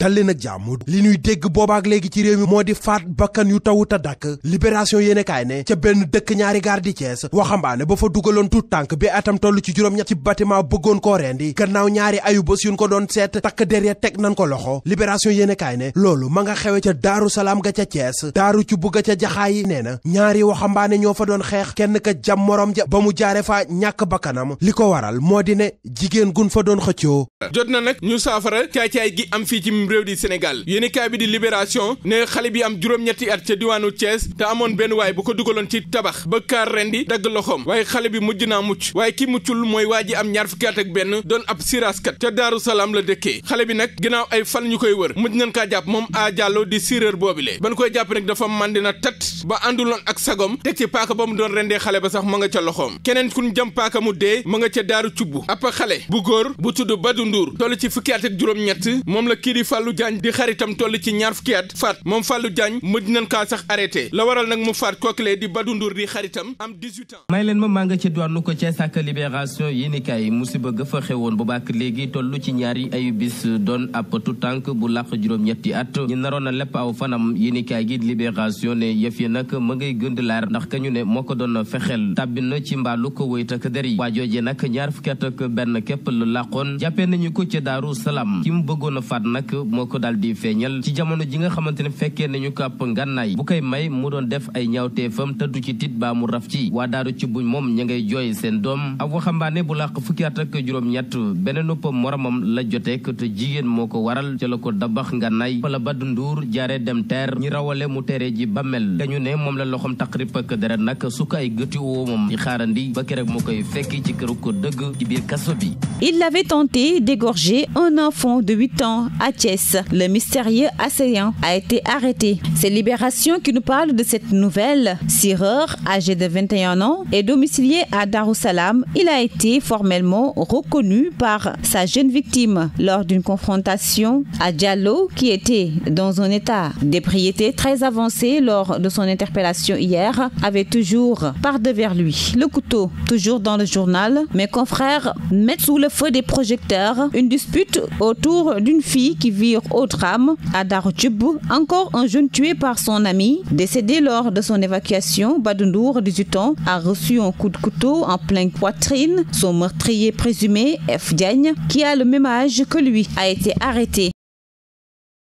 dalli nag jàmm li ñuy dégg boobaak léegi ci réew mi moo di faat bakkan yu tawuta dakk libération yéene kaay ne ca benn dëkk ñaari gaar di Thiès waxambaane ba fa dugaloon tut tànk bi atam toll ci juróom-ñett ci bâtiment bëggoon koo rendi gannaaw ñaari ayu bés yuñ ko doon seet takk derrière teg nan ko loxo libération yéene kaay ne loolu ma nga xewe ca daaru salaam ga ca Thiès daaru ci bugga ca jaxaayi nee na ñaari waxambaane ñoo fa doon xeex kenn ka jam morom ja ba mu jaare fa ñàkk bakkanam li ko waral moo di ne jigéen gun fa doon xëccoo jot réew di Sénégal yéenekaay bi di Libération ne xale bi am juróom-ñetti at ca diwaanu Thiès te amoon benn waay bu ko dugaloon ci tabax ba kaar rendi dagg loxoom waaye xale bi mujj naa mucc waaye ki muccul mooy waa ji am ñaar fukki at ak benn doon ab siraskat ca Daaru Salaam la dëkkee xale bi nag ginnaaw ay fan ñu koy wër mujj nañ kaa jàpp moom a jàlloo di séeréer le ban koy jàpp nag dafa màndi na tat ba ànduloon ak sagom teg ci paaka ba mu doon rendee xale ba sax ma nga ca loxoom keneen kun jëm paaka dee ma nga ca daaru cubb ab xale bu góor bu tudd Badou Ndour toll ci fukki juróom-ñett Fallou Diagne di xaritam toll ci ñaar fukki at faat moom Fallou Diagne mujj nañ kaa la waral nag mu faat kookilee di Badou Ndour di xaritam am 18 ans. may leen ma maa nga ci doonu ko ca sàkk libération yéenekaay musiba ga fa xewoon bu baax léegi toll ci ñaari ayu bis doon ab tu tànk bu làq juróom-ñetti at ñu naroon a lépp aw fanam yéenekaay gi libération ne yëf yi nag ma ngay gënd laar ndax ka ñu ne moo ko doon fexeel tàbbi na ci mbaalu ko woy takk der yi waa jooje nag ñaar fukki at ak benn képp lu làqoon jàppe nañu ko ca Daaru Salaam ki mu bëggoon a faat nag moko ko daal di feeñal ci jamono ji nga xamantene fekke nañu kap ngànnaay bu kay may mu doon def ay ñaawteefam te du ci tit ba mu raf ci wa daaru ci buñ mom ña ngay jooy seen doom ab waxambaane bu laq fukki at ak ñett benen noppam moramam la ko te jigen moko waral ci lako dabax ngànnaay fa la badd dem Ter, ñi rawale mu téré ji bammel te ñu ne mom la loxom taqrib ak deret nak su ko ay gëti woomam di xaarandi ba koy fekki ci këru ko deug ci biir kasso bi il avait tenté d'égorger un enfant de 8 ans à Thiès le mystérieux assaillant a été arrêté. C'est Libération qui nous parle de cette nouvelle. Sireur, âgé de 21 ans, et domicilié à Darussalam. Il a été formellement reconnu par sa jeune victime lors d'une confrontation à Diallo qui était dans un état d'épriété très avancé lors de son interpellation hier avait toujours par devers lui le couteau. Toujours dans le journal, mes confrères mettent sous le feu des projecteurs une dispute autour d'une fille qui vit au drame. à encore un jeune tué par son ami, décédé lors de son évacuation. Badundour, 18 ans, a reçu un coup de couteau en pleine poitrine. Son meurtrier présumé, F. Diagne, qui a le même âge que lui, a été arrêté.